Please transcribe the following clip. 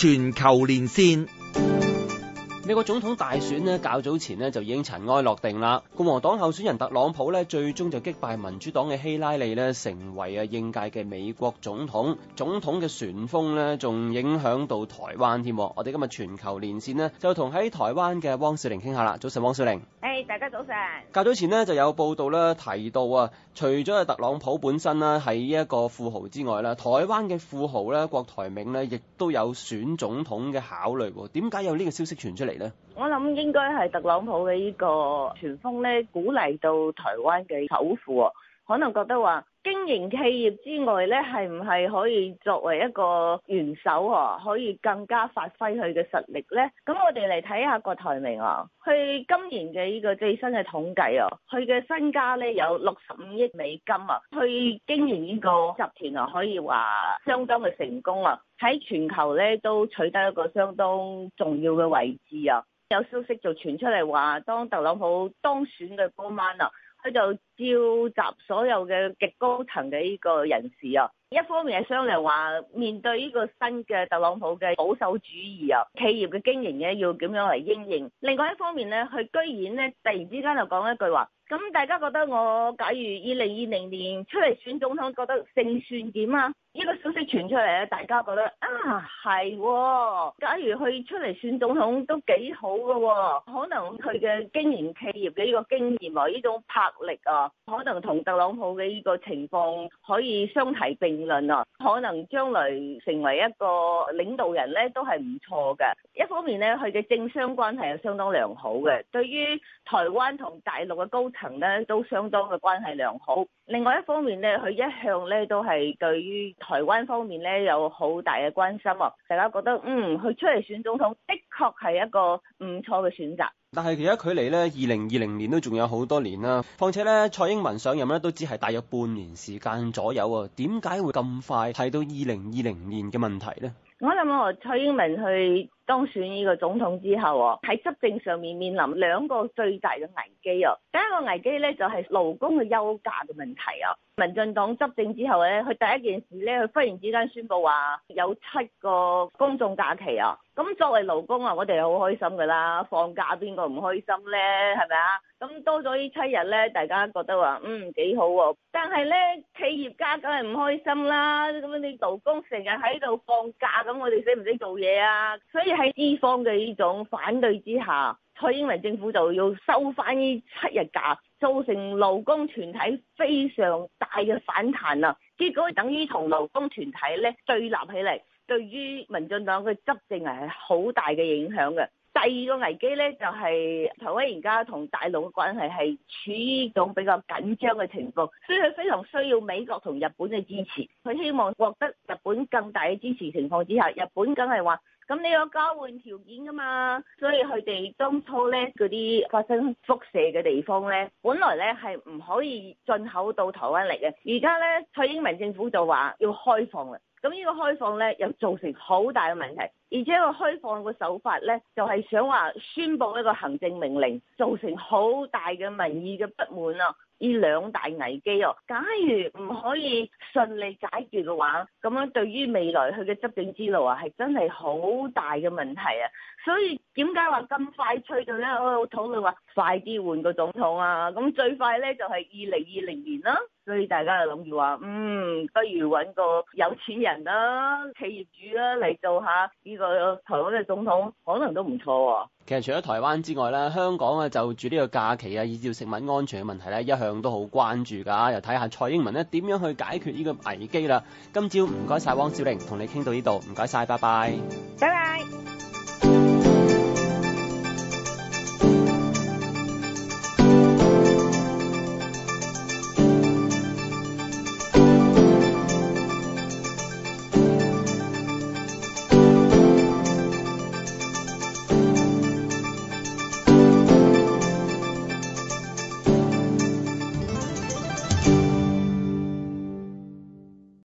全球連線。美國總統大選咧，較早前就已經塵埃落定啦。共和黨候選人特朗普最終就擊敗民主黨嘅希拉里成為啊應屆嘅美國總統。總統嘅旋風咧，仲影響到台灣添。我哋今日全球連線就同喺台灣嘅汪小玲傾下啦。早晨，汪小玲。誒，大家早晨。較早前就有報道提到啊，除咗特朗普本身啦係呢一個富豪之外啦，台灣嘅富豪咧郭台銘咧亦都有選總統嘅考慮。點解有呢個消息傳出嚟？我諗應該係特朗普嘅呢個傳風咧，鼓勵到台灣嘅首富，可能覺得話，經營企業之外呢係唔係可以作為一個元首嗬、啊，可以更加發揮佢嘅實力呢？咁我哋嚟睇下郭台銘啊，佢今年嘅呢個最新嘅統計啊，佢嘅身家呢有六十五億美金啊，佢經營呢個集團啊，可以話相當嘅成功啊，喺全球呢，都取得一個相當重要嘅位置啊。有消息就傳出嚟話，當特朗普當選嘅嗰晚啊。佢就召集所有嘅極高層嘅呢個人士啊，一方面係商量話面對呢個新嘅特朗普嘅保守主義啊，企業嘅經營咧要點樣嚟應應。另外一方面咧，佢居然咧突然之間就講一句話，咁大家覺得我假如二零二零年出嚟選總統，覺得勝算點啊？呢個消息傳出嚟咧，大家覺得啊係，假如佢出嚟選總統都幾好噶，可能佢嘅經營企業嘅呢個經驗啊，呢種魄力啊，可能同特朗普嘅呢個情況可以相提並論啊，可能將來成為一個領導人咧都係唔錯嘅。一方面呢，佢嘅政商關係係相當良好嘅，對於台灣同大陸嘅高層呢，都相當嘅關係良好。另外一方面呢，佢一向呢，都係對於台灣方面咧有好大嘅關心，大家覺得嗯，佢出嚟選總統，的確係一個唔錯嘅選擇。但係其實距離咧二零二零年都仲有好多年啦，況且咧蔡英文上任咧都只係大約半年時間左右喎，點解會咁快提到二零二零年嘅問題咧？我諗喎，蔡英文去當選呢個總統之後，喎，喺執政上面面臨兩個最大嘅危機啊！第一個危機咧就係勞工嘅休假嘅問題啊！民進黨執政之後咧，佢第一件事咧，佢忽然之間宣布話有七個公眾假期啊！咁作為勞工啊，我哋好開心噶啦，放假邊個唔開心咧？係咪啊？咁多咗呢七日咧，大家覺得話嗯，幾好喎、啊！但係咧，企業家梗係唔開心啦，咁樣你勞工成日喺度放假，咁我哋使唔使做嘢啊？所以。喺資方嘅呢種反對之下，蔡英文政府就要收返呢七日假，造成勞工團體非常大嘅反彈啦。結果等於同勞工團體咧對立起嚟，對於民進黨嘅執政係好大嘅影響嘅。第二個危機呢，就係台灣而家同大陸嘅關係係處於一種比較緊張嘅情況，所以佢非常需要美國同日本嘅支持。佢希望獲得日本更大嘅支持情況之下，日本梗係話咁你有交換條件㗎嘛。所以佢哋當初呢嗰啲發生輻射嘅地方呢，本來呢係唔可以進口到台灣嚟嘅，而家呢，蔡英文政府就話要開放啦。咁呢個開放咧，又造成好大嘅問題，而且個開放嘅手法咧，就係、是、想話宣布一個行政命令，造成好大嘅民意嘅不滿啊！呢兩大危機哦，假如唔可以順利解決嘅話，咁樣對於未來佢嘅執政之路啊，係真係好大嘅問題啊！所以點解話咁快脆嘅呢？我討論話快啲換個總統啊！咁最快呢就係二零二零年啦，所以大家就諗住話，嗯，不如揾個有錢人啦、啊、企業主啦、啊、嚟做下呢個台灣嘅總統，可能都唔錯喎。其實除咗台灣之外咧，香港就住呢個假期啊，依照食物安全嘅問題咧，一向都好關注㗎。又睇下蔡英文咧點樣去解決呢個危機啦。今朝唔該曬汪小玲，同你傾到呢度，唔該曬，拜拜。拜拜。